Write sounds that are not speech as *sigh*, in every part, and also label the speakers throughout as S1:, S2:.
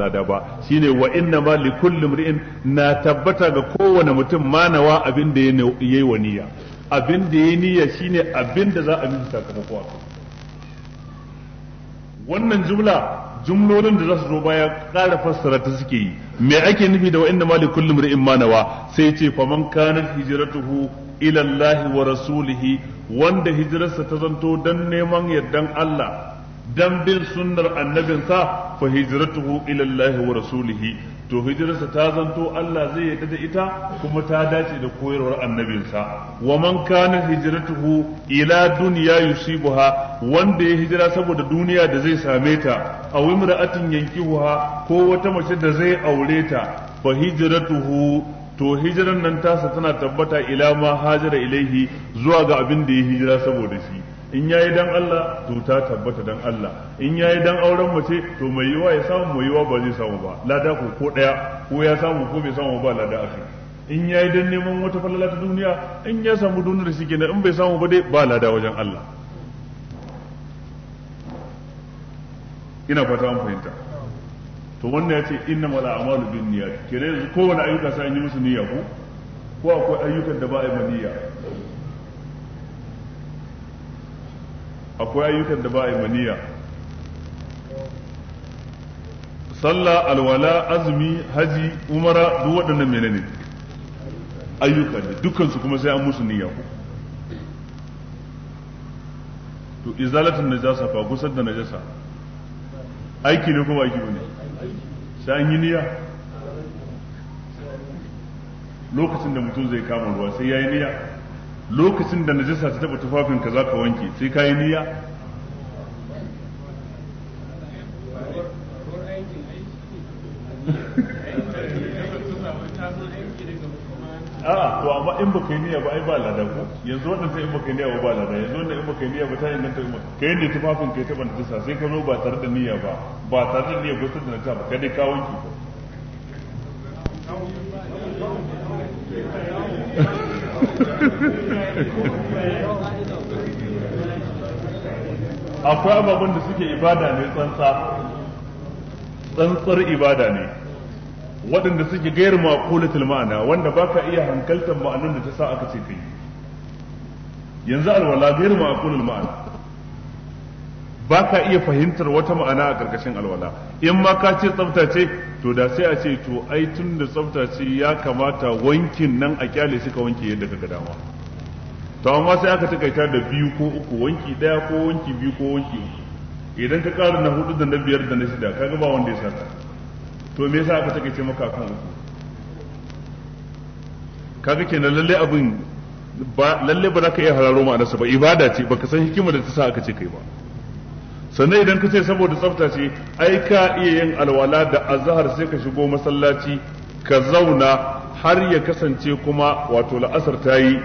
S1: lada ba shine wa inna ma li kulli mri'in na tabbata ga kowane mutum manawa abin da yayi wa niyya abin da yayi niyya shine abin da za a bi sakamako wato wannan jumla jumlolin da za su zo baya kara fassara ta suke yi me ake nufi da wa inna ma li kulli mri'in manawa sai ce man kana hijratuhu ila wa rasulihi wanda hijirarsa ta zanto dan neman yardan Allah dan bin sunnar annabinsa fa hijratuhu ila Allah wa rasulih to hijirarsa ta zanto Allah zai yarda da ita kuma ta dace da koyarwar annabinsa wa man kana hijratuhu ila dunya yusibuha wanda ya hijira saboda duniya da zai same ta aw imra'atin yankihuha ko wata mace da zai aure ta fa hijratuhu to hijiran nan tasa tana tabbata ila ma hajara ilaihi zuwa ga abin da ya hijira saboda shi in yayi dan Allah to ta tabbata dan Allah in yayi dan auren mace to mai yiwa ya samu mai yiwa ba zai samu ba lada ko ko daya ko ya samu ko bai samu ba lada akai in yayi dan neman wata falala ta duniya in ya samu duniyar shi kenan in bai samu ba dai ba lada wajen Allah ina fata an fahimta to wannan yace innamal a'malu binniyat kenan kowane ayyuka sai an yi musu niyya ko ko akwai ayyukan da ba a yi niyya akwai ayyukan da ba a yi maniya sallah alwala azumi haji umara duk waɗannan menene ayyuka ne dukansu kuma sai an musu niyya ko to izalatun najasa fa gusar da najasa aiki ne ko ba aiki bane sai an yi niyya lokacin da mutum zai kama ruwa sai ya yi niyya lokacin da najasa ta taba tufafin ka zaka wanke sai ka yi niyya a'a to amma in baka yi niyya ba ai ba lada ko yanzu wannan sai in baka yi niyya ba ba lada yanzu wannan in baka yi niyya ba ta inganta umma baka kai ne tufafin kai ta banta sai ka zo ba tare da niyya ba ba tare da niyya ba sai da ta ba kai ka wanke ba akwai ababen da suke ibada ne tsantsa tsantsar ibada ne waɗanda suke gairu maqulatul ma'ana wanda baka iya hankaltar ma'anar da ta sa aka ce kai yanzu alwala gairu maqulul ma'ana ba ka iya fahimtar wata ma'ana a ƙarƙashin alwala in ma ka ce tsafta ce to da sai a ce to ai tun da tsafta ce ya kamata wankin nan a kyale suka ka wanke yadda ka ga dama to amma sai aka takaita da biyu ko uku wanki daya ko wanki biyu ko wanki uku idan ka ƙara na hudu da na biyar da na shida kaga ba wanda ya ka to me yasa aka takaice maka kan uku kaga kenan lalle abin ba lalle ba za ka iya hararo ma'anarsa ba ibada ce baka san hikimar da ta sa aka ce kai ba sannan idan ka ce saboda tsafta ce ai ka iya yin alwala da azhar sai ka shigo masallaci ka zauna har ya kasance kuma wato la'asar ta yi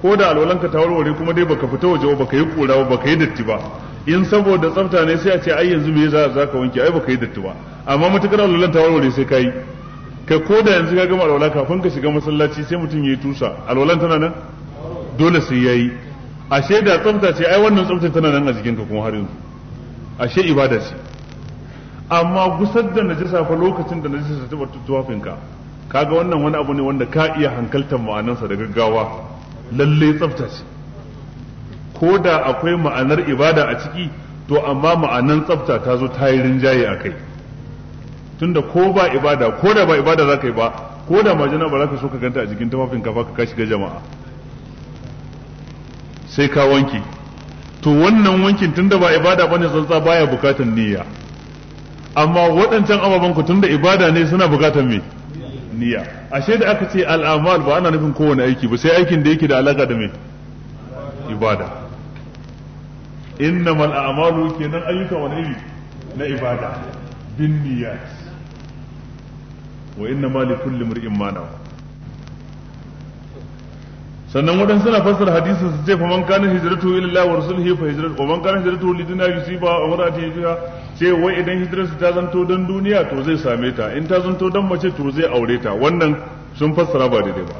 S1: ko da ka ta warware kuma dai baka fita waje ba baka yi kura ba baka yi datti ba in saboda tsafta ne sai a ce ai yanzu me za za ka wanke ai baka yi datti ba amma matukar alwalan ta warware sai ka yi ka ko da yanzu ka gama alwala kafin ka shiga masallaci sai mutum ya yi tusa alwalan tana nan dole sai ya yi ashe da tsafta ce ai wannan tsafta tana nan a jikinka kuma har yanzu ashe ibada ce amma gusar da najasa fa lokacin da najasa ta tabbata tuwafinka kaga wannan wani abu ne wanda ka iya hankaltar ma'anarsa da gaggawa lalle tsafta ce ko da akwai ma'anar ibada a ciki to amma ma'anan tsafta ta zo ta yi rinjaye a kai tunda ko ba ibada ko da ba ibada za ka yi ba ko da majina ba za ka so ka ganta a jikin tufafin kafa ka shiga jama'a sai ka wanke to wannan wankin tunda ba ibada bane tsantsa baya bukatan niyya amma waɗancan ababen ku tunda ibada ne suna bukatan me niyya ashe da aka ce al'amal ba ana nufin kowane aiki ba sai aikin da yake da alaka da me ibada innamal a'malu kenan ayyuka wani iri na ibada bin niyyat wa innamal likulli mar'in ma nawa sannan wadan suna fassara hadisin su ce fa man kana hijratu ila Allah wa rasulihi fa hijratu wa man kana hijratu li dunya yusiba wa marati yusiba ce wai idan hijrarsa ta zanto dan duniya to zai same ta in ta zanto dan mace to zai aure ta wannan sun fassara ba daidai ba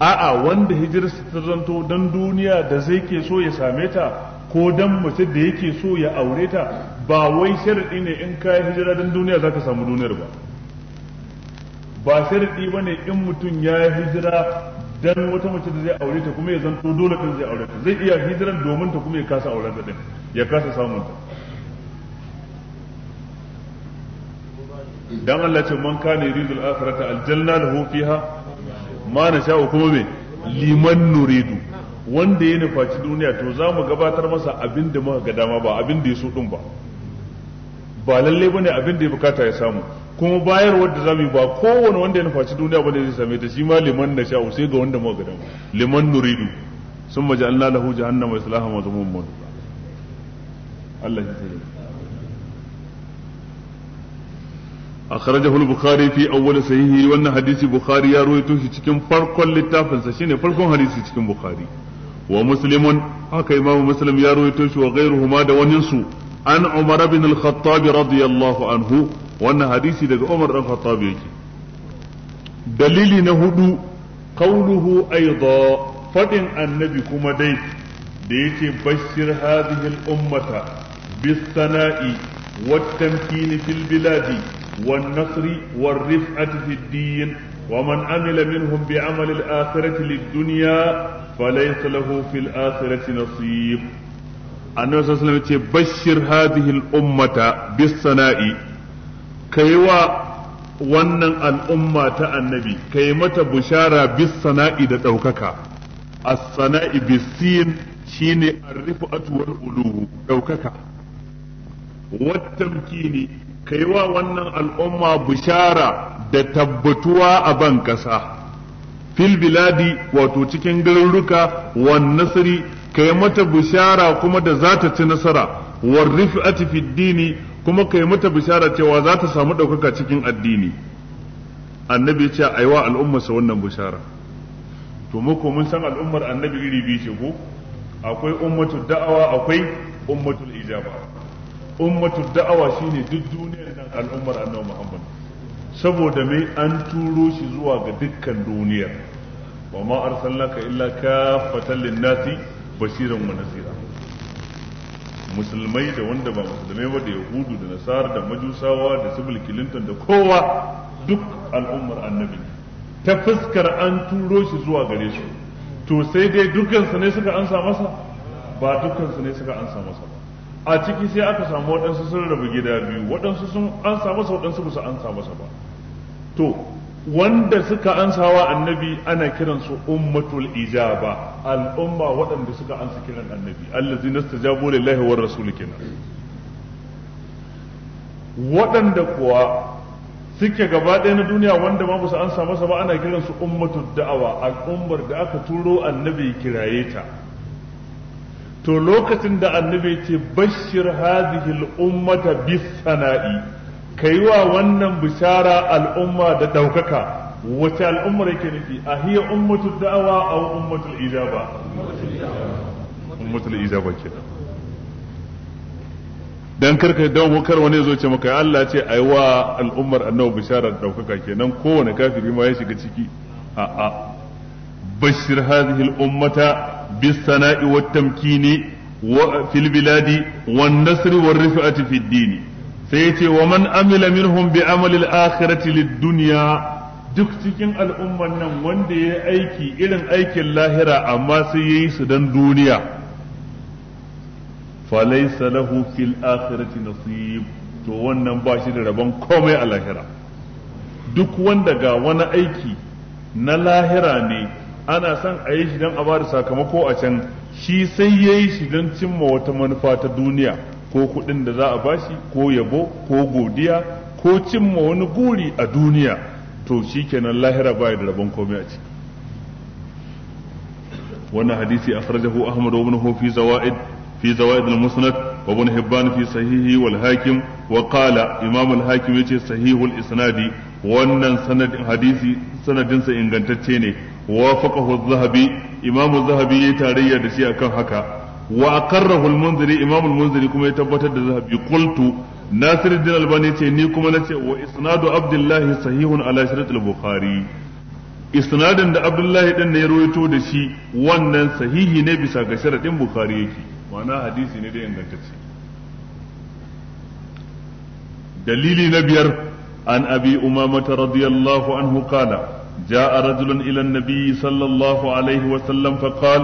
S1: a'a wanda hijirarsa ta zanto dan duniya da zai ke so ya same ta ko dan mace da yake so ya aure ta ba wai sharadi ne in kai hijira dan duniya zaka samu duniyar ba ba sharadi bane in mutum ya hijira dan wata mace da zai aure ta kuma ya zanto dole kan zai aure ta zai iya hijiran domin ta kuma ya kasa auren ta din ya kasa samun ta dan Allah ce man kana yuridul akhirata aljanna lahu fiha ma nasha'u kuma me liman nuridu wanda ya nufaci duniya to za mu gabatar masa abin da muka ga dama ba abin da ya so din ba ba lalle bane abin da ya bukata ya samu kuma bayarwar da zamu ba kowane wanda ya nufaci duniya bane zai same ta shi ma liman na sha'u sai ga wanda muka dama liman nuridu summa ja'alna lahu jahannama islaha wa zamum Allah ya tsare أخرجه البخاري في أول صحيحه وأن حديث البخاري يروي توشي فرق للتافن سشين فرق حديث تكن بخاري ومسلم هكا إمام مسلم يروي توشي وغيرهما دوننسو عن عمر بن الخطاب رضي الله عنه wannan hadisi daga Umar dan Khattab yake dalili na hudu qawluhu aidha faɗin annabi kuma dai da yace bashir hadhihi ummata bis sana'i wat tamkin fil biladi nasri war rif'ati fid din wa man amila minhum bi amalil al-akhirati lid dunya falaysa lahu fil akhirati nasib annabi sallallahu alaihi wasallam yace bashir hadhihi ummata bis sana'i ka yi wa wannan al'umma ta annabi ka yi mata bushara bis sana'i da ɗaukaka as-sana'i bisin shine ar rufe wal uluhu ɗaukaka wattamkini ka yi wa wannan al'umma bushara da tabbatuwa a ban ƙasa fil biladi wato cikin garuruka wan nasri ka yi mata bushara kuma da za ta ci nasara war rif'ati fid dini kuma ka yi mata bishara cewa za ta samu ɗaukaka cikin addini annabi ya ce a yi wa al'ummarsa wannan bishara to muku mun san al'ummar annabi iri biyu ce ko akwai ummatu da'awa akwai ummatul ijaba ummatu da'awa shine duk duniyar nan al'ummar annabi Muhammad saboda mai an turo shi zuwa ga dukkan duniya wa ma arsalnaka illa kafatan lin-nasi bashiran wa nasira musulmai da wanda ba musulmai ba da yahudu da nasara da majusawa da sibil kilinton da kowa duk al'ummar annabi ta fuskar an turo shi zuwa gare su to sai dai dukansu ne suka ansa masa ba dukansu ne suka ansa masa ba a ciki sai aka samu waɗansu sun rabu gida biyu waɗansu sun ansa masa waɗansu ba su ansa masa ba to wanda suka ansawa annabi ana kiransu ummatul ijaba al'umma waɗanda suka ansa kiran annabi allazi nastajabu lillahi war rasul kenan waɗanda kuwa suke gaba ɗaya na duniya wanda ma ba su ansa masa ba ana kiransu ummatul da'awa al'ummar da aka turo annabi kiraye ta to lokacin da annabi ce bashir hadhihi al bis sana'i ka yi wa wannan bishara al'umma da ɗaukaka wace al'ummar ke nufi a hiya ummatu da'awa a ummatul ijaba ummatul ijaba ke dan karka dawo kar wani zo ce maka Allah ce ai wa al'ummar annabi bishara da ɗaukaka kenan kowane kafiri ma ya shiga ciki a'a bashir hadhihi al-ummata bis-sana'i wat-tamkini wa fil biladi wan-nasri war-rif'ati fid-dini sai ya ce wa man amila minhum bi amalil akhirati lid dunya duk cikin al'umman nan wanda ya aiki irin aikin lahira amma sai ya yi su dan duniya falaysa lahu fil akhirati nasib to wannan ba shi da rabon komai a lahira duk wanda ga wani aiki na lahira ne ana son a yi shi don a bada sakamako a can shi sai ya yi shi dan cimma wata manufa ta duniya ko kuɗin da za a bashi ko yabo ko godiya ko cimma wani guri a duniya to shi kenan lahira baya da rabon komai a ciki wannan hadisi akhrajahu ahmad ibn hu fi zawaid fi zawaid al-musnad wa ibn hibban fi sahihi wal hakim wa qala imam al-hakim yace sahihul isnadi wannan sanadin hadisi sanadin sa ingantacce ne wa faqahu az-zahabi imam az-zahabi yayi tarayya da shi akan haka wa aqarrahu al-munziri imam munziri kuma ya tabbatar da zahabi qultu nasiruddin albani ce ni kuma nace wa isnadu abdullahi sahihun ala shart al-bukhari isnadin da abdullahi din ne ya rawaito da shi wannan sahihi ne bisa ga sharadin bukhari yake ma'ana hadisi ne da ingantacce dalili na biyar an abi umamata radiyallahu anhu kala, rajulun جاء رجل إلى sallallahu alaihi wa sallam وسلم فقال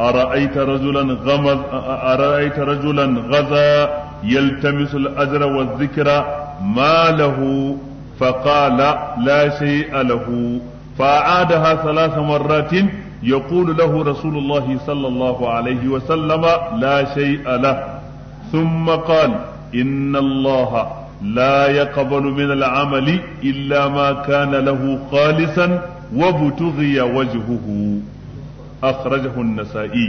S1: أرأيت رجلا غمز أرأيت رجلا غزا يلتمس الأجر والذكر ما له فقال لا شيء له فأعادها ثلاث مرات يقول له رسول الله صلى الله عليه وسلم لا شيء له ثم قال إن الله لا يقبل من العمل إلا ما كان له خالصا وابتغي وجهه أخرجه النسائي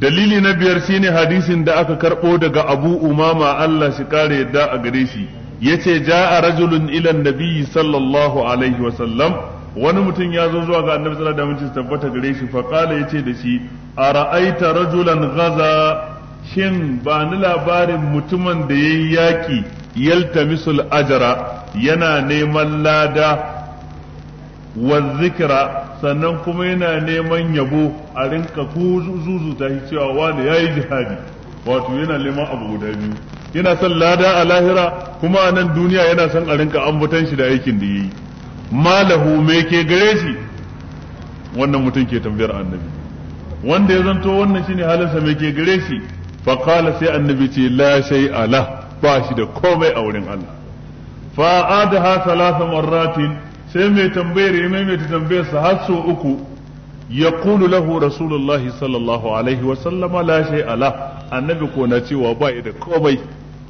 S1: دليل dalili na biyar shine hadisin da aka karbo daga Abu Umama Allah shi kare yadda a gare shi yace ja'a rajulun sallallahu wani mutum ya zo zuwa ga annabi sallallahu alaihi wasallam tabbata gare shi fa qala yace da shi ara'aita rajulan ghaza shin ba ni labarin mutumin da yayi yaki yaltamisul ajra yana neman lada zikira sannan kuma yana neman yabo a rinka ko zuzuta shi cewa wani yayi jihadi wato yana neman abu guda biyu yana son lada a lahira kuma a nan duniya yana son a rinka ambatan shi da aikin da yayi malahu me ke gare shi wannan mutum ke tambayar annabi wanda ya zanto wannan shine halinsa me ke gare shi fa qala sai annabi ce la shay ala, ba shi da komai a wurin Allah fa adaha thalatha marratin sai mai tambayar ya maimaita tambayar sa har so uku yaqulu lahu rasulullahi sallallahu alaihi wa sallama la shay ala annabi ko na cewa ba ya da komai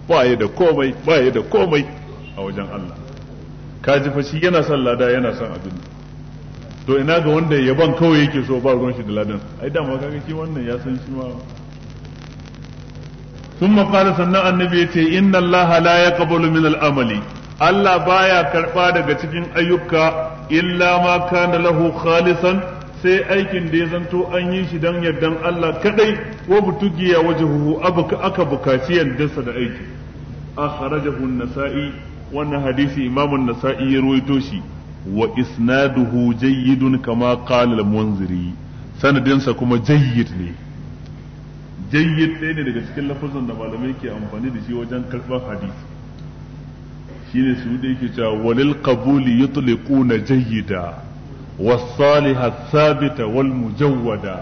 S1: ba ya da komai ba ya da komai a wajen Allah kaji fa shi yana son lada yana son abin to ina ga wanda yaban kawai yake so ba ruwan shi da ladan ai dama ga shi wannan ya san shi ma ثم قال سنة النبي إن الله لا يقبل من الأمل Allah baya karɓa daga cikin ayyuka illa ma kana lahu khalisan sai aikin da ya zanto an yi shi dan yardan Allah kadai wa butugiya waje abuka aka bukaci yardarsa da aiki akhrajahu an-nasa'i wannan hadisi imamu an-nasa'i ya ruwaito shi wa isnaduhu jayyidun kama qala al-munziri sanadinsa kuma jayyid ne jayyid ɗaya ne daga cikin lafazan da malamai ke amfani da shi wajen karɓar hadisi shine su da yake cewa walil qabuli yutliquna jayyida was-saliha thabita wal mujawwada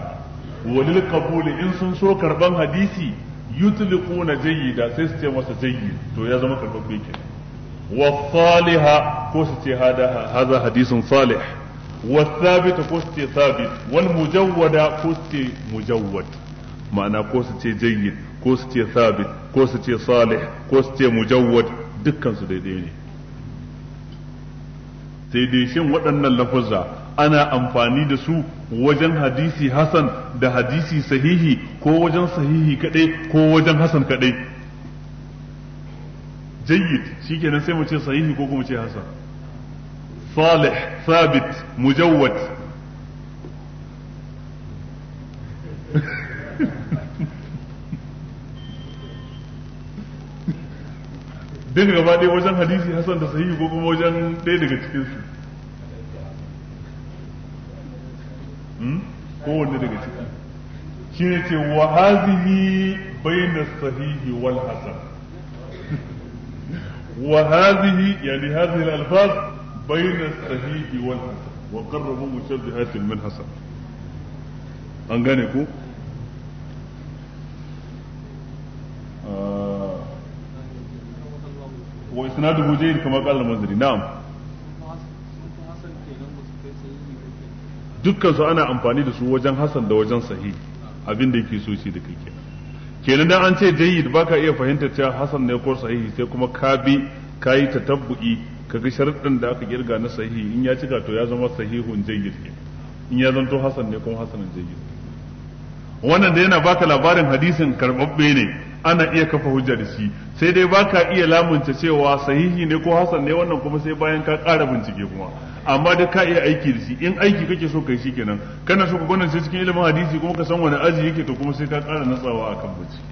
S1: walil qabuli in sun so karɓan hadisi na jayyida sai su ce masa jayyid to ya zama karban bikin was-saliha ko su ce hada hadha salih was-thabita ko su ce thabit wal mujawwada ko su ce mujawwad ma'ana ko su ce jayyid ko su ce thabit ko su ce salih ko su ce mujawwad dukkansu daidai ne sai dai shin waɗannan lafuzza ana amfani da su wajen hadisi hasan da hadisi sahihi ko wajen sahihi kaɗai ko wajen hasan kaɗai jayyid shikenan sai mu ce sahihi ko kuma ce hasan salih sabit mujawwad *laughs* duka gaba ɗaya wajen hadisi hasan da sahihi ko kuma wajen ɗaya daga cikin su hmm? wanne daga ciki shi ne ce wa hazihi bayna sahihi wal hasan *laughs* wa hazihi yani hazihi al alfaz bayna sahihi wal hasan wa qarrabu mushabbihatin min hasan an gane ku wa isnaduhu jayyid kama qala al-mazri na'am dukkan su ana amfani da su wajen hasan da wajen Sahi abin da yake so shi da kai kenan kenan dan an ce jayyid baka iya fahimtar cewa hasan ne ko sahihi sai kuma ka bi kayi tatabbu'i kaga sharuɗin da aka girga na sahihi in ya cika to ya zama sahihun jayyid in ya zanto hasan ne kuma hasanun jayyid wannan da yana baka labarin hadisin karbabbe ne ana iya kafa hujja da shi sai dai baka iya lamunta cewa sahihi ne ko hasan ne wannan kuma sai bayan ka ƙara bincike kuma amma duk ka iya aiki da shi in aiki kake so kai shi kenan kana so ka gwanin shi cikin ilimin hadisi kuma ka san wani aji yake to kuma sai ka ƙara natsawa akan bincike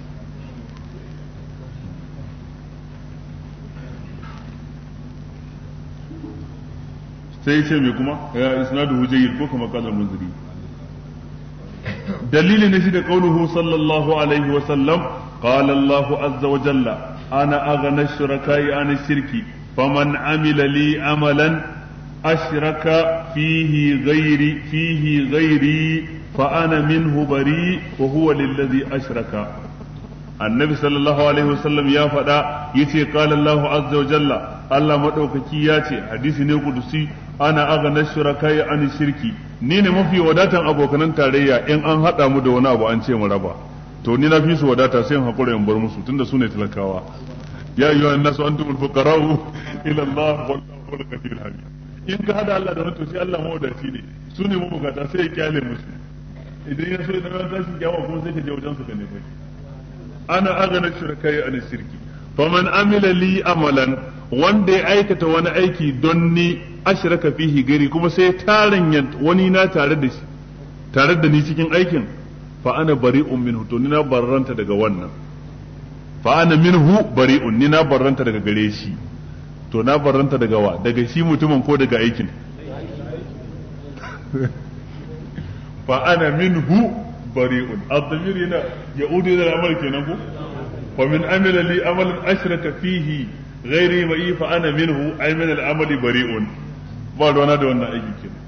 S1: sai ce mai kuma ya isnaduhu jayyid ko kama qala munziri dalilin shi da kauluhu sallallahu alaihi wa sallam قال الله ana وجل أنا أغنى الشركاء عن الشرك فمن عمل لي عملا أشرك فيه غيري فيه غيري فأنا منه بريء وهو للذي أشرك annabi sallallahu alaihi wasallam ya faɗa yace qala Allahu azza jalla Allah maɗaukaki ya ce hadisi ne kudusi ana aghna shuraka an shirki ni ne mafi wadatan abokanan tarayya in an haɗa mu da wani abu an ce mu raba to ni na fi su wadata sai in hakura in bar musu tunda su ne talakawa ya ayyuha an-nasu antumul fuqara'u *laughs* ila Allah wallahu al-ghafurur hamid in ka hada Allah da wani to shi Allah mawadaci ne su ne mu mabukata sai ya kyale musu idan ya so ya zama tashin kyawa kuma sai ka je wajen su ka nemi ana agana shirkai an shirki faman amila li amalan wanda ya aikata wani aiki don ni ashraka fihi gari kuma sai tarin wani na tare da shi tare da ni cikin aikin fa ana bari'un minhu to ni na barranta daga wannan fa ana minhu bari'un ni na barranta daga gare shi to na barranta daga wa daga shi mutumin ko daga aikin *laughs* fa ana minhu bari'un ad-damir yana ya'udu ila al-amal kenan ko fa min amila li amalan ashraka fihi ghairi ma'i fa ana minhu ay min al-amali bari'un ba ruwana da wannan aiki kenan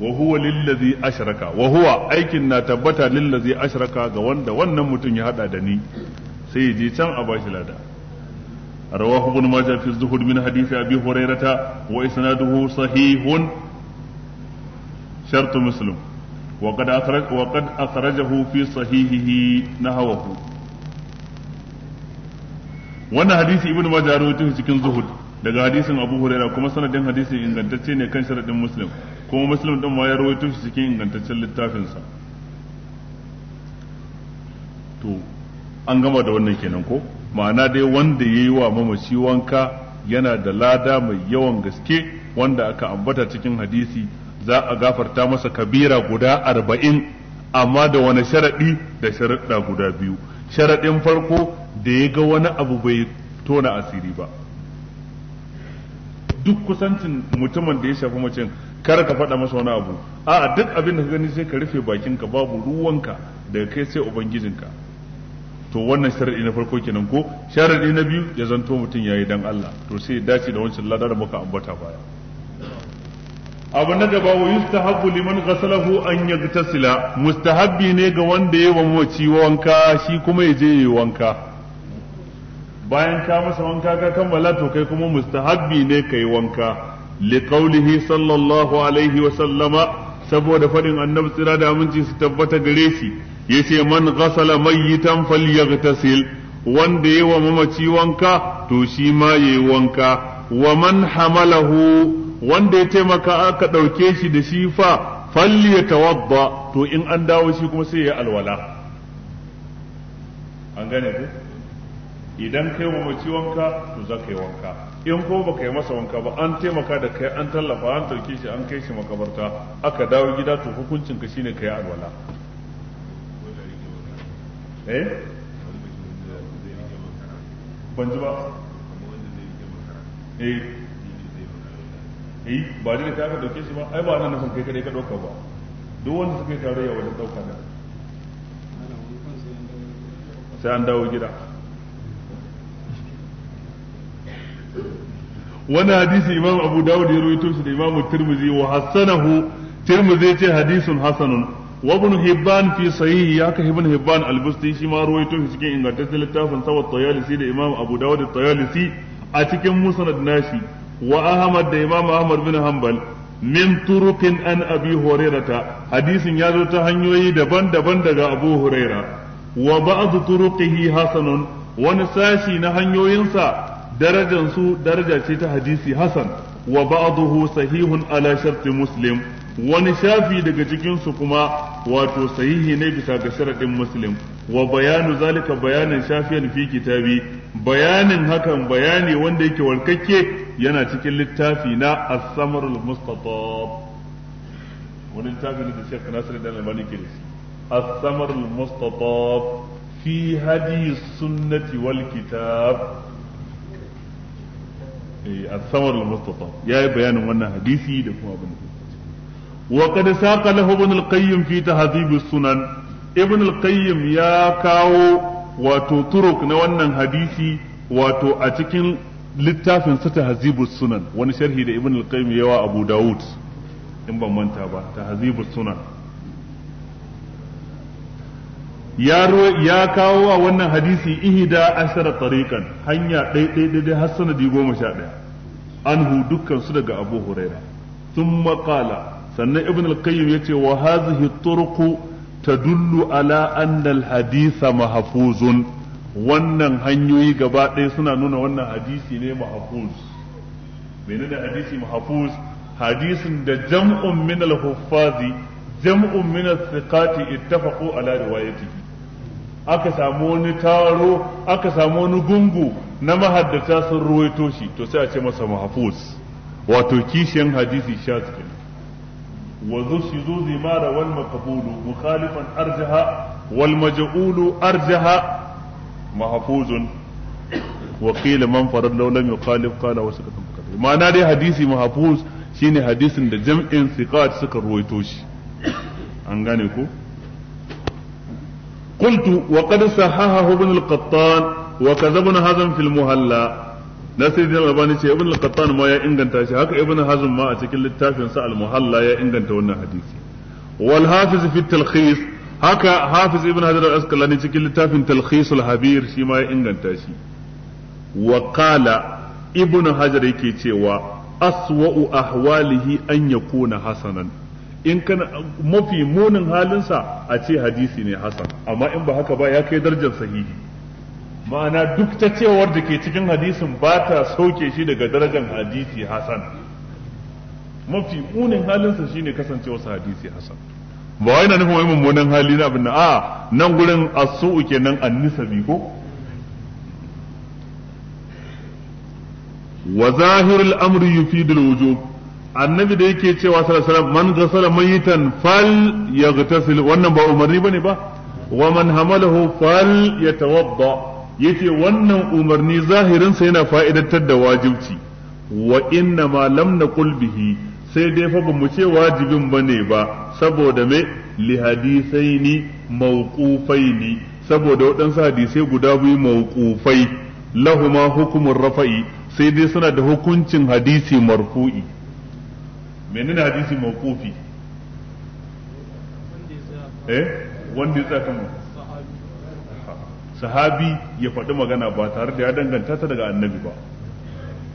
S1: wa huwa lillazi ashraka wa huwa aikin na tabbata lillazi ashraka ga wanda wannan mutum ya hada da ni sai ya je can a bashi lada رواه ابن ماجه في الزهد من حديث ابي هريره واسناده صحيح شرط مسلم وقد اخرج وقد اخرجه في صحيحه نحوه wannan hadisi ibn majah rawaito cikin zuhud daga hadisin abu huraira kuma sanadin hadisin ingantacce ne kan sharadin muslim kuma muslim din ma ya rawaito shi cikin ingantaccen littafinsa to an gama da wannan kenan ko ma'ana dai wanda ya yi wa mamaci wanka yana da lada mai yawan gaske wanda aka ambata cikin hadisi za a gafarta masa kabira guda arba'in amma da wani sharaɗi da sharaɗa guda biyu sharaɗin farko da ya ga wani abu bai tona asiri ba duk kusancin mutumin da ya shafi mace kar ka faɗa masa wani abu a duk abin da ka gani sai ka rufe bakinka babu ruwanka daga kai sai ubangijinka to wannan sharadi na farko kenan ko sharadi na biyu ya zanto mutum yayi dan Allah to sai ya dace da wancan ladar muka ambata baya abu na gaba wa yustahabbu liman ghasalahu an yaghtasila mustahabbi ne ga wanda ya wa mawaci wanka shi kuma ya je yi wanka bayan ka masa wanka ka kammala to kai kuma mustahabbi ne kai wanka liqaulihi sallallahu alaihi wa sallama saboda fadin annabi tsira da aminci su tabbata gare shi yace man ghasala mayyitan falyaghtasil wanda yayi wa mamaci wanka to shi ma yayi wanka wa man hamalahu wanda ya taimaka aka ɗauke shi da shi fa falyatawadda to in an dawo shi kuma sai yayi alwala an gane ku idan kai wa mace wanka to za ka yi wanka in ko baka yi masa wanka ba an taimaka da kai an tallafa an tarke shi an kai shi makabarta aka dawo gida to hukuncin ka shine eh? ba eh ka yi tarayya sai an dawo gida wani hadisi imam abu dawud ya rawaito shi da imam tirmidhi wa hasanahu tirmidhi ce hadisun hasanun wa ibn hibban fi sahihi ya ka ibn hibban al-busti shi ma rawaito shi cikin ingantaccen littafin sawa tayalisi da imam abu dawud tayalisi a cikin musnad nashi wa ahmad da imam ahmad bin hanbal min turuqin an abi hurairata hadisin ya zo ta hanyoyi daban-daban daga abu huraira wa ba'd turuqihi hasanun wani sashi na hanyoyinsa darajar su daraja ce ta hadisi hasan wa ba'dahu sahihun ala sharti muslim wani shafi daga cikin su kuma wato sahihi ne bisa ga sharadin muslim wa bayanu zalika bayanin shafiyan fi kitabi bayanin hakan bayani wanda yake walkakke yana cikin littafi na as-samarul mustatab wani littafi ne da Sheikh Nasir da Albani ke da as-samarul mustatab fi hadi sunnati wal kitab Eh, as-samar al-mustafa yayi bayanin wannan hadisi da kuma abin wa qad saqa lahu ibn al fi tahdhib as-sunan ibn al ya kawo wato turuk na wannan hadisi wato a cikin littafinsa sa tahdhib sunan wani sharhi da ibn al-qayyim yawa abu daud in ban manta ba tahdhib as-sunan ya kawo wa wannan hadisi ihida ashara tariqan hanya ɗai ɗai ɗai har sanadi goma sha ɗaya anhu dukkan su daga abu huraira thumma qala sannan ibn al-qayyim yace wa hadhihi turqu tadullu ala anna al-haditha mahfuzun wannan hanyoyi gaba ɗaya suna nuna wannan hadisi ne mahfuz menene hadisi mahfuz hadisin da jam'un min al-huffazi jam'un min al-thiqati ittafaqu ala riwayatihi aka samu wani taro aka samu wani gungu na mahaddata sun ruwaito shi to sai a ce masa mahfuz wato kishiyan hadisi sha wa zushizu zimara wal maqbulu mukhalifan arjaha wal maj'ulu arjaha mahfuzun wa qila man farad law lam yukhalif qala wa sakatan fakata ma'ana dai hadisi mahfuz shine hadisin da jam'in siqat suka ruwaito shi an gane ko قلت وقد صححه ابن القطان وكذب ابن هزم في المهلة نصر الدين الألباني ce ابن القطان ما يا inganta shi haka ابن هزم ma a cikin littafin sa al ya inganta wannan hadisi wal hafiz fi talkhis haka hafiz ibn hajar al-asqalani cikin littafin talkhis al ya inganta shi wa qala ibn hajar yake cewa aswa'u ahwalihi an yakuna hasanan in kana mafi munin halinsa a ce hadisi ne hasan amma in ba haka ba ya kai darajar sahihi ma'ana duk ta cewar da ke cikin hadisin ba ta sauke shi daga darajar hadisi hasan mafi munin halinsa shine kasancewarsa hadisi hasan ba wai na nufin wai mummunan hali na abin a nan gurin as-su'u kenan annisabi ko wa zahirul amri yufidul wujub annabi da yake cewa sallallahu alaihi wasallam man ghasala mayitan fal yaghtasil wannan ba umarni bane ba wa man hamalahu fal yatawadda yace wannan umarni zahirin sa yana fa'idatar da wajibci wa inna ma lam naqul bihi sai dai fa bamu ce wajibin bane ba saboda me li hadisaini mawqufaini saboda waɗansu hadisai guda biyu mawqufai lahuma hukumur rafa'i sai dai suna da hukuncin hadisi marfu'i menene hadisi mawqufi eh wanda ya kan sahabi ya faɗi magana ba tare da ya danganta ta daga annabi ba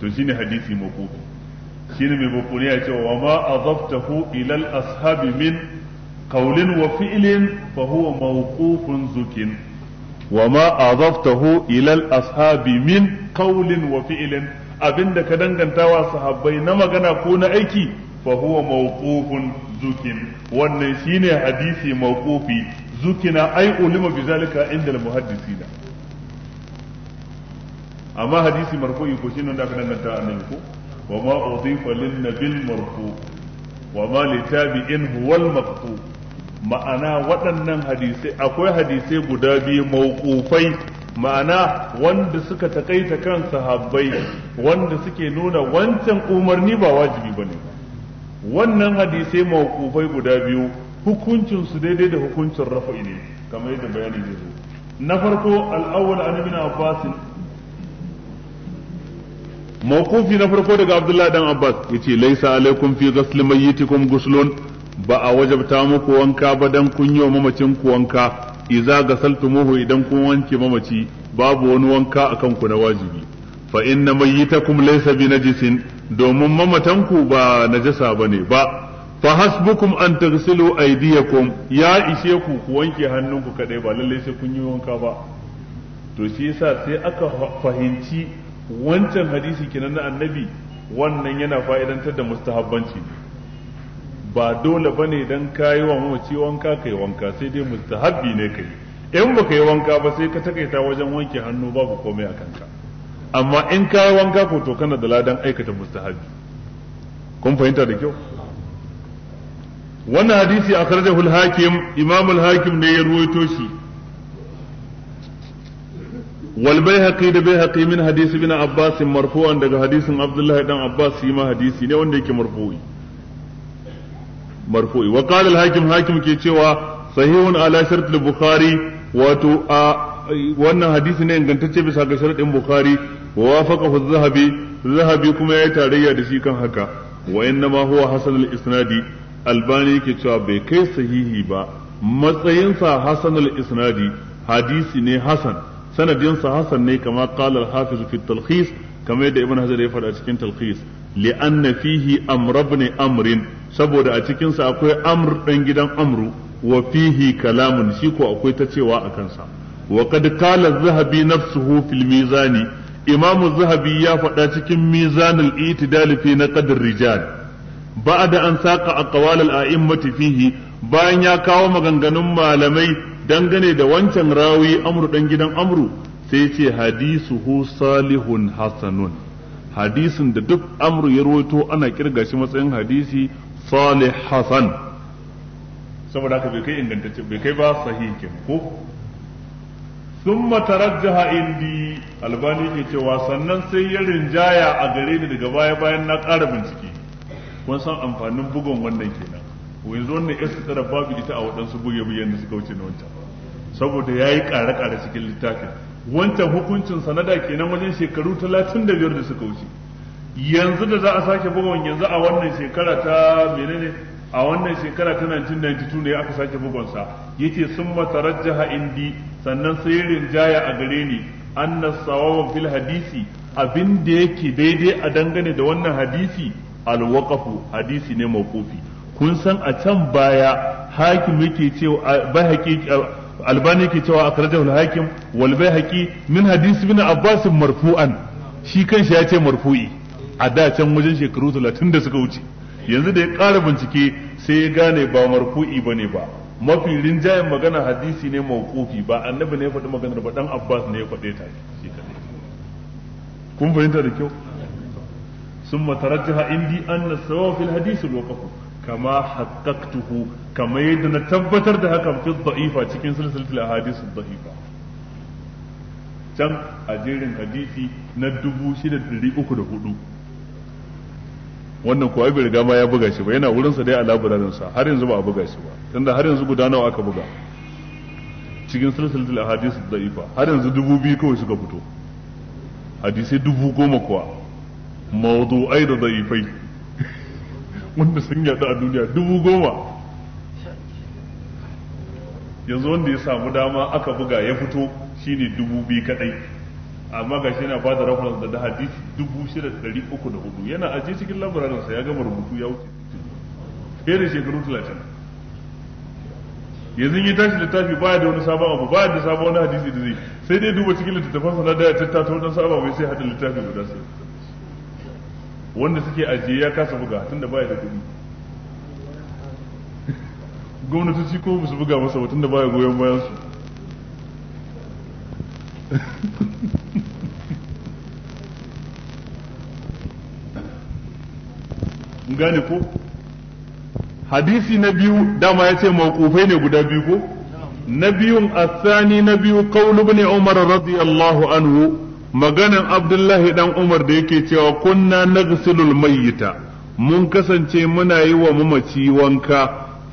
S1: to shine hadisi mawqufi shine mai bukuni ya ce wa ma azaftahu ila al ashabi min qawlin wa fi'lin fa huwa mawqufun zukin wa ma azaftahu ila al ashabi min qawlin wa fi'lin abinda ka dangantawa sahabbai na magana ko na aiki فهو موقوف زكن zukin wannan shine hadisi mawqufi zukina ai ulima bizalika inda al-muhaddisina amma hadisi marfu'i ko shine da aka وما annabi ko wa ma'ana waɗannan hadisai akwai hadisai guda biyu mawqufai ma'ana wanda suka takaita kan sahabbai wanda suke nuna wancan umarni ba wajibi bane ba wannan hadisai mawqufai guda biyu hukuncin daidai da hukuncin rafa'i ne kamar yadda bayani zai zo na farko al'awwal an ibn abbas na farko daga abdullahi dan abbas ce laisa alaikum fi ghasl mayyitikum ghuslun ba a wajabta muku wanka ba dan kun yi wa mamacin ku wanka idza ghasaltumuhu idan kun wanke mamaci babu wani wanka akan ku na wajibi fa inna mayyitakum laysa bi najisin domin mamatanku ba najasa bane ba fa hasbukum an tagsilu aydiyakum ya ishe ku ku wanke hannunku kadai ba lalle sai kun yi wanka ba to shi yasa sai aka fahimci wancan hadisi kinan na annabi wannan yana fa'idantar da mustahabbanci ba dole bane dan kayi wa mamaci wanka kai wanka sai dai mustahabbi ne kai in baka yi wanka ba sai ka takaita wajen wanke hannu babu komai a kanka amma in ka wanka ko to kana da ladan aikata mustahabi kun fahimta da kyau wannan hadisi a karjahul hakim imamul hakim ne ya ruwaito shi wal bai baihaqi da bai baihaqi min hadisi bin abbas marfu'an daga hadisin abdullahi dan abbas shi ma hadisi ne wanda yake marfu'i marfu'i wa qala al hakim hakim ke cewa sahihun ala shart al bukhari wato a wannan hadisi ne ingantacce bisa ga sharadin bukhari wa wafaqahu az-zahabi zahabi kuma yayi tarayya da shi kan haka wa innama huwa hasan al-isnadi albani yake cewa bai kai sahihi ba matsayinsa hasan al-isnadi hadisi ne Hassan sanadinsa hasan ne kama qala al-hafiz fi talkhis kamar yadda ibn hajar ya faɗa cikin talkhis li'anna fihi amr ibn amrin saboda a cikinsa akwai amr dan gidan amru wa fihi kalamun shi ko akwai ta cewa a kansa wa qad qala az-zahabi nafsuhu fil mizani imam zahabi ya faɗa cikin mizanul itidal fi naqd rijal ba'da an saqa aqwal al-a'immati fihi bayan ya kawo maganganun malamai dangane da wancan rawi amru dan gidan amru sai ce hadisuhu salihun hasanun hadisin da duk amru ya rawaito ana kirga shi matsayin hadisi salih hasan saboda haka bai kai ingantacce bai kai ba sahihin ko Sun summa jiha indi albani ke cewa sannan sai ya rinjaya a gare ni daga baya bayan na ƙara bincike kun san amfanin bugun wannan kenan yanzu wannan yar sutura babu ita a waɗansu buge-bugen da suka wuce na wancan saboda ya yi ƙare-ƙare cikin littafin wancan hukuncin sanada kenan wajen shekaru talatin da biyar da suka wuce yanzu da za a sake bugun yanzu a wannan shekara ta menene a wannan shekara ta 1992 ne aka sake bugonsa yace sun matarajjaha indi sannan sai rinjaya a gare ni an sawawa fil hadisi abin da yake daidai a dangane da wannan hadisi alwaqafu hadisi ne mawqufi kun san a can baya hakim yake cewa bahaqi albani yake cewa akrajahu hakim wal haƙi? min hadisi ibn abbas marfu'an shi kanshi ya ce marfu'i a da can wajen shekaru 30 da suka wuce yanzu da ya ƙara bincike sai ya gane ba marfu'i ba ne ba mafi rinjayen magana hadisi ne mawqufi ba annabi ne ya faɗi maganar ba ɗan abbas ne ya faɗe ta shi kadai kun fahimta da kyau Sun summa tarajjaha indi anna sawa fil hadis alwaqfu kama haqqaqtuhu kama yadda na tabbatar da hakan fi dha'ifa cikin silsilatul ahadis dha'ifa can a jerin hadisi na dubu shida uku da hudu. wannan ko abin riga ma ya buga shi ba yana wurin sa dai a labirarin sa har yanzu ba a buga shi ba tunda har yanzu guda nawa aka buga cikin silsilatul ahadith da'ifa har yanzu dubu biyu kawai suka fito hadisai dubu goma kuwa mawdu'ai da da'ifai *laughs* wanda sun yadu a duniya dubu goma yanzu wanda ya samu dama aka buga ya fito shine dubu biyu kadai amma ga shi yana ba da reference da hadisi dubu shida da ɗari uku da hudu yana aje cikin labararinsa ya gama rubutu ya wuce fiye da shekaru talatin yanzu yi tashi littafi baya da wani sabon abu baya da sabon wani hadisi da zai sai dai duba cikin littattafansa na da ya tattata wajen saba mai sai haɗa littafi guda sai wanda suke ajiye ya kasa buga tun da baya da kuɗi gwamnatoci ko musu su buga masa tun da baya goyon bayan su *laughs* gane ko hadisi na biyu dama ya ce mawqufai ne guda biyu ko na biyun asani na biyu qaul ibn umar radiyallahu anhu maganan abdullahi dan umar da yake cewa kunna mai mayyita mun kasance muna yi wa mamaci wanka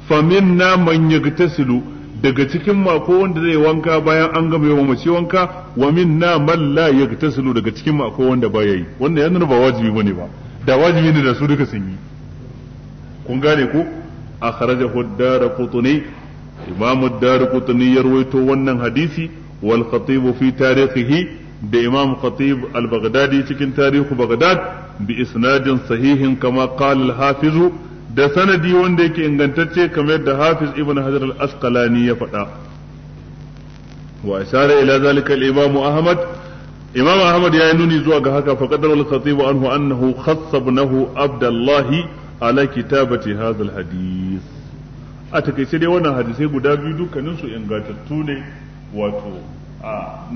S1: faminna man yagtasilu daga cikin mako wanda zai wanka bayan an gama yi wa mamaci wanka wa minna man la yagtasilu daga cikin mako wanda baya yi wannan yana ba wajibi bane ba da wajibi ne da su duka sun yi kun gane ku akhrajahu ad-darqutni imam ad kutuni ya rawaito wannan hadisi wal fi tarihihi da imam khatib al-baghdadi cikin tarihu baghdad bi isnadin sahihin kama qala al-hafiz da sanadi wanda yake ingantacce kamar yadda hafiz ibn hajar al-asqalani ya faɗa wa ashara ila zalika al-imam ahmad imam ahmad ya nuni zuwa ga haka fa qadara al-khatib anhu annahu khassa ibnahu ala kitabati hadha alhadith a takaice dai wannan hadisai guda biyu dukkanin su ingantattu ne wato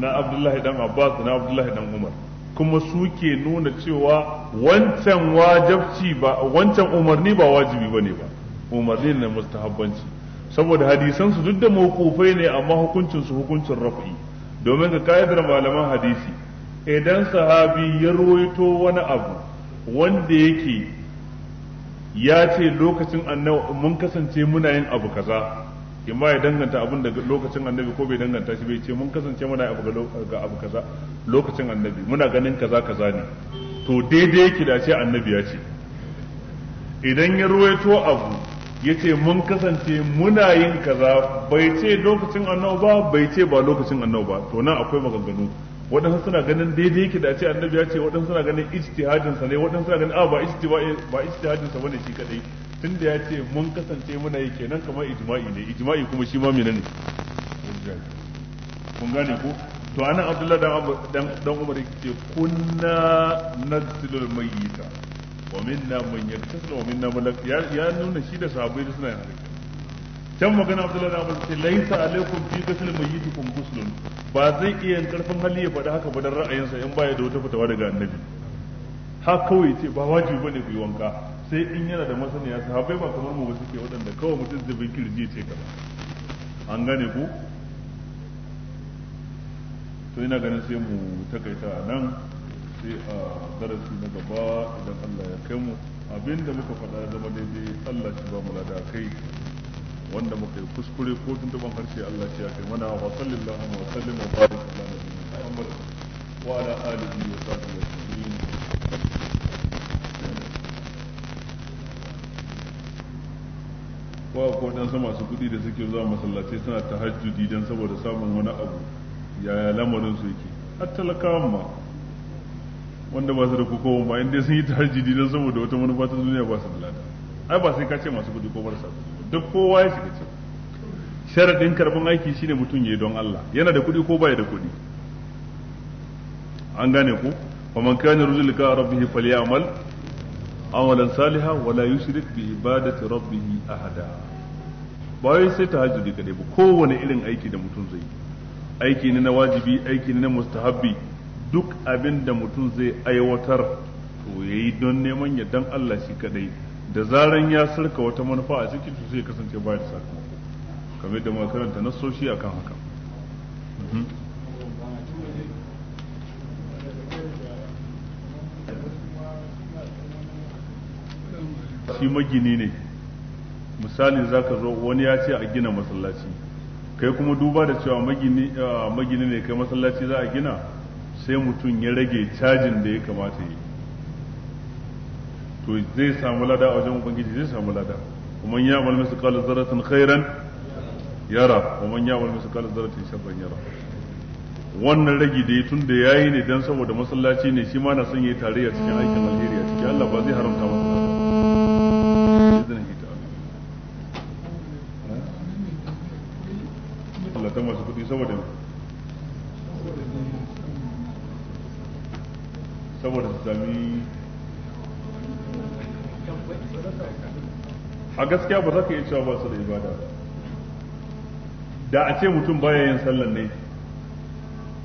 S1: na Abdullahi dan Abbas na Abdullahi dan Umar kuma su ke nuna cewa wancan wajabci ba wancan umarni ba wajibi bane ba umarni ne mustahabbanci saboda hadisan su duk da mawqufai ne amma hukuncin su hukuncin raf'i domin ga kaidar malaman hadisi idan sahabi ya ruwaito wani abu wanda yake ya ce lokacin annabi mun kasance muna yin abu kaza imma ya danganta abin da lokacin annabi ko bai danganta shi bai ce mun kasance muna abu ga abu kaza lokacin annabi muna ganin kaza kaza ne to daidai yake da ce annabi ya ce idan ya ruwaito abu ya ce mun kasance muna yin kaza bai ce lokacin annabi ba bai ce ba lokacin annabi ba to nan akwai maganganu waɗansu suna ganin daidai yake da ce annabi ya ce waɗansu suna ganin ijtihadin sa ne waɗansu suna ganin a ah, ba ijtihadi ba ijtihadin sa bane shi kadai tunda ya ce mun kasance muna yi kenan kamar ijma'i ne ijma'i kuma shi ma ne kun gane ko to anan abdullahi dan dan umar yake ce kunna nazilul mayyita wa minna man yaktasil wa minna man ya nuna shi da sahabbai suna yin can magana Abdullahi da Abbas ce laisa alaikum fi ghusl mayyitikum ghuslun ba zai iya karfin hali ya faɗi haka ba dan ra'ayinsa in baya da wata fitawa daga annabi ha kawai ce ba wajibi bane ku yi wanka sai in yana da masaniya sahabbai ba kamar mu suke waɗanda kawai mutum zubin kirji ce kaza an gane ku to ina ganin sai mu takaita a nan sai a darasi na gaba idan Allah ya kai mu abinda muka faɗa zama daidai Allah shi ba mu lada kai wanda muka yi kuskure ko tuntuban harshe Allah ce ya kai mana wa sallin alaihi wa sallin wa barik ala nabiyina Muhammad wa ala alihi wa sahbihi ajma'in ko ko dan sama su kudi da suke zuwa masallaci suna ta tahajjudi dan saboda samun wani abu yaya lamarin su yake har talakawan ma wanda ba su da kuka kokowa ma inda sun yi ta hajji dan saboda wata manufa ta duniya ba su da lada ai ba sai ka ce masu kudi ko marasa kudi duk kowa ya shiga ciki sharadin karban aiki shine mutum yayi don Allah yana da kuɗi ko baya da kuɗi an gane ku wa man kana rujul ka rabbih falyamal amalan saliha wa la yushrik bi ibadati rabbih ahada ba wai sai tahajjudi kadai ba kowane irin aiki da mutum zai aiki ne na wajibi aiki ne na mustahabbi duk abin da mutum zai aiwatar to yayi don neman yardan Allah shi kadai da zaran ya sarka wata manufa a cikin su zai ya kasance ba da sakamako kamar makaranta muka karanta akan haka mhm. shi magini ne misali za ka zo wani ya ce a gina masallaci kai kuma duba da cewa magini ah, ne kai masallaci za a gina sai mutum ya rage cajin da ya kamata yi to zai samu lada a wajen ubangiji zai samu lada kuma ya amal musu qala zaratin khairan yara kuma ya amal musu qala zaratin sharran yara wannan ragi da tun da yayi ne dan saboda masallaci ne shi ma na son yayi tarayya cikin aikin alheri a
S2: cikin Allah ba zai haramta masa
S1: ba Allah ta masu saboda saboda su sami a gaskiya ba za ka iya cewa ba su da ibada da a ce mutum baya yin sallan ne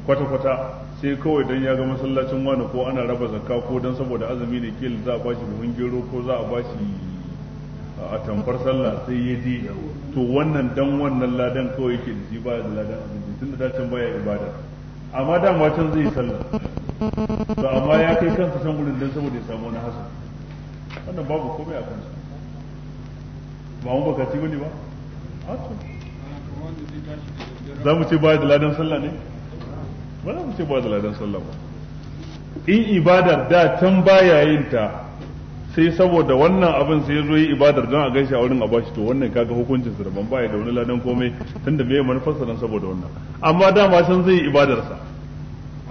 S1: kwata-kwata sai kawai don ya ga masallacin wani ko ana raba zakka ko don saboda azumi ne ke za a bashi buhun gero ko za a bashi a tamfar sallah sai ya je to wannan dan wannan ladan kawai yake da shi baya da ladan azumi tunda da can baya ibada amma dama can zai sallah to amma ya kai kansa can gurin don saboda ya samu wani hasan wannan babu komai a kansu ba mu bakaci bane ba za mu ce ba da ladan sallah ne ba za mu ce ba da ladan sallah ba in ibadar da can baya yin ta sai saboda wannan abin sai zo yi ibadar don a gaishe a wurin a bashi to wannan kaga hukuncin sa daban baya da wani ladan komai tunda me manufarsa dan saboda wannan amma dama can zai yi ibadarsa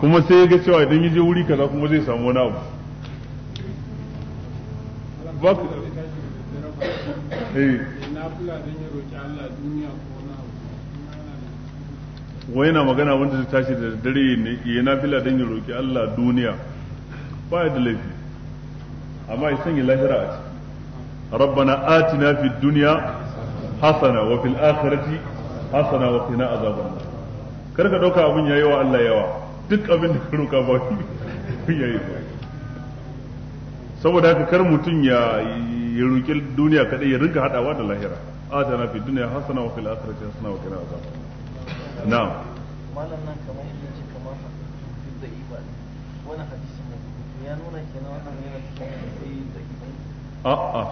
S1: kuma sai ya ga cewa idan ya je wuri kaza kuma zai samu wani abu ba ku wai na magana wanda zai tashi da dare ne ya fila don ya roƙi Allah duniya ba ya da laifi amma ya sanya lahira a ciki fi duniya hasana wa fil وفي hasana wa وقنا عذاب Kar karka dauka abin yayi wa Allah yawa duk abin da ka roka ba *laughs* yayi saboda haka kar mutum ya yi roki duniya kaɗai, ya rinka haɗawa da lahira atana fi dunya hasana wa hasana wa qina azaban na'am malam nan kamar yadda ce kamar hadisi da iba wani hadisi ya nuna kenan wannan yana cikin hadisi da iba a'a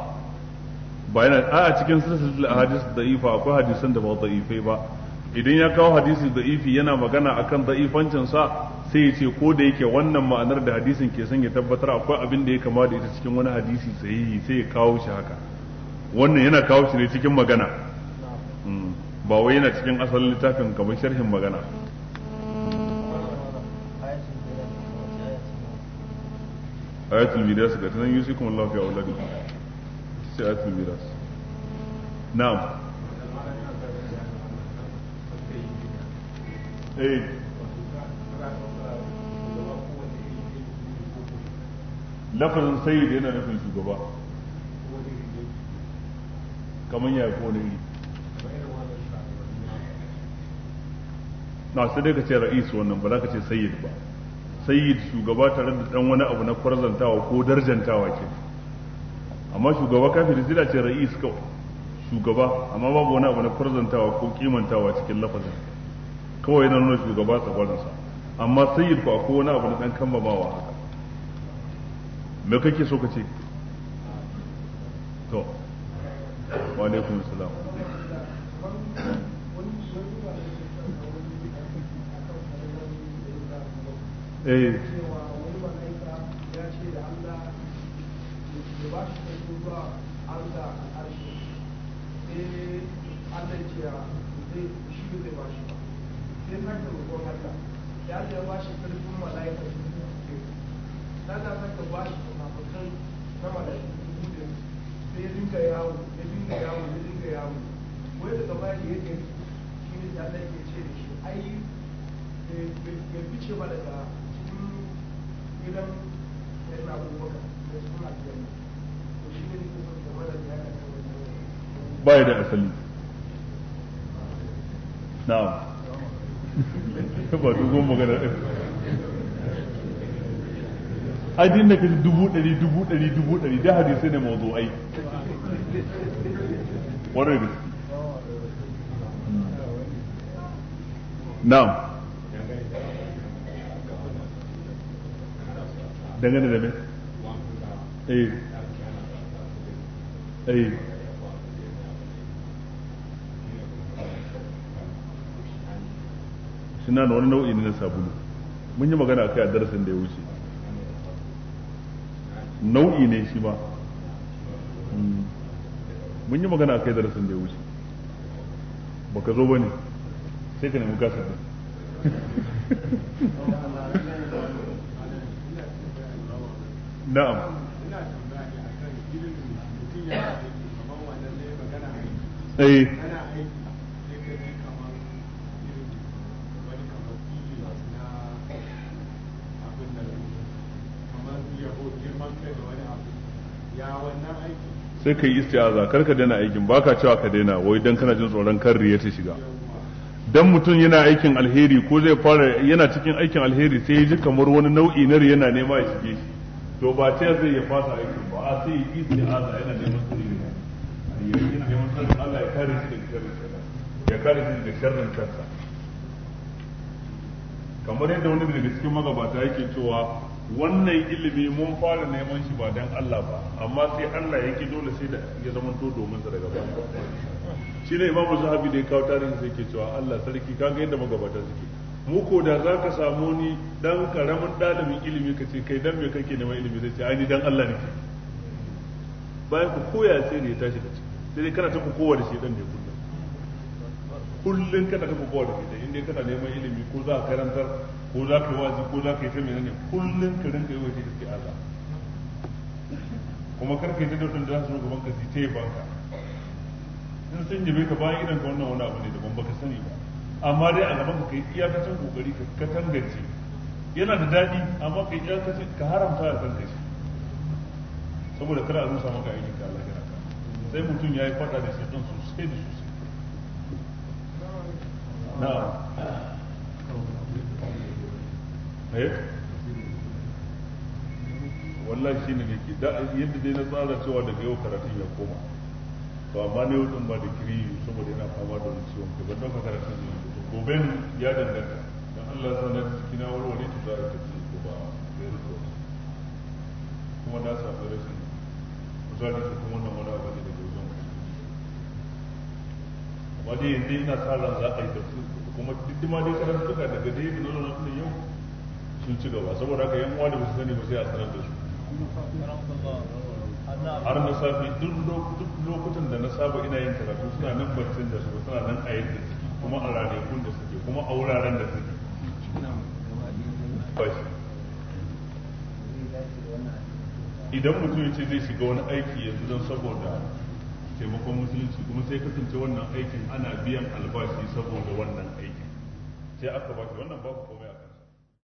S1: ba yana a cikin silsilar hadis da ifa akwai hadisan da ba da ifai ba idan ya kawo hadisi da ifi yana magana akan da ifancinsa. sai ya ce ko da yake wannan ma'anar da hadisin ke son ya tabbatar akwai abin da ya kama da ita cikin wani hadisi sahihi sai ya kawo shi haka wannan yana kawo shi ne cikin magana hmm. ba wai yana cikin asalin littafin kamar sharhin magana ayatul miras ga tunan kuma Allah fi auladikum sai ayatul miras na'am eh lafazin sayyid yana nufin shugaba kamar ya ko ne na sai dai ka ce ra'is wannan ba za ka ce sayyid ba sayyid shugaba tare da dan wani abu na kwarzantawa ko darjantawa ke amma shugaba da zai ce ra'is kawai shugaba amma babu wani abu na kwarzantawa ko kimantawa cikin lafazin kawai yana nuna shugaba tsakwarinsa amma sayyid ko wani abu na dan kambamawa haka me kake so ka ce to wa alaikum salam eh ya ce sama da sai ya dinka yawo ya dinka yawo ya dinka yawo wai daga da ya shi ne da ce da shi ai bai fice ba daga cikin gidan yan abubakar da suna biyan to shi ne da kuma da ya bai da asali na'am *laughs* ba dogon magana hadin da kaji dubu ɗari dubu ɗari dubu ɗari da hadisai ne mawdu'ai warai da hmm. na'am dangane da me eh eh suna da wani nau'i na sabulu mun yi magana a kai a darasin da ya wuce nau'i ne shi ba hmm. mun yi magana a kai darasin da ya wuce ba ka zo ba ne sai ka nemi gasar *laughs* na'am eh sai ka yi istiaza kar ka daina aikin ba ka cewa ka daina wai dan kana jin tsoron kar riya ta shiga dan mutum yana aikin alheri ko zai fara yana cikin aikin alheri sai ya ji kamar wani nau'i na riya yana nema ya shige shi to ba ta zai ya fasa aikin ba a sai ya yi istiaza yana neman tsari ya yi neman tsari Allah ya kare shi daga sharrin ya kare shi daga sharrin kansa kamar yadda wani daga cikin magabata yake cewa wannan ilimi mun fara neman shi ba dan Allah ba amma sai Allah yake dole sai da ya zama to domin sa daga baya shi ne imamu zahabi da ya kawo tarihin sai ke cewa Allah sarki kaga yadda magabata suke mu ko da za ka samu ni dan karamin dalibin ilimi ka ce kai dan me kake neman ilimi zai ce ai ni dan Allah nake bayan ku koya sai ne ya tashi da shi sai dai kana ta ku kowa da shi dan ne kullum kullum kana ta ku kowa da shi dan inda kana neman ilimi ko za ka karantar ko za ka yi wazi ko za ka yi ta menene kullum ka rinka yi wace iske Allah kuma kar ka yi ta dautar da za su gaban ka su ta yi banka in sun yabe ka bayan idan ka wannan wani abu ne daban baka sani ba amma dai a gaban ka kai iyakacin kokari ka katangance yana da daɗi amma kai iyakacin ka haramta da kanka shi saboda kada a rusa maka aikin ka Allah ya raka sai mutum ya yi faɗa da shi sosai da sosai na'am Eh? wallahi shine ne ke da yadda dai na tsara cewa daga yau karatun ya koma to amma ne yau ba da kiri saboda yana fama da wani ciwon kai ban dauka karatun ne gobe ya danganta dan Allah ya sanar da cikin warware to za a tafi ko ba sai rufe kuma da na samu rashin kuzari ko kuma wannan wani abu ne daga wajen amma dai yanzu ina sa ran za a yi tafsir kuma duk ma dai karantuka daga dai da nuna nan yau sun ci gaba saboda haka yan uwa da ba su sani ba sai a sanar da su har na safi duk lokutan da na saba ina yin karatu suna nan barcin da su suna nan a yadda suke kuma a ranakun da suke kuma a wuraren da suke idan mutum ya ce zai shiga wani aiki yanzu don saboda taimakon musulunci kuma sai kasance wannan aikin ana biyan albashi saboda wannan aikin sai aka baki wannan babu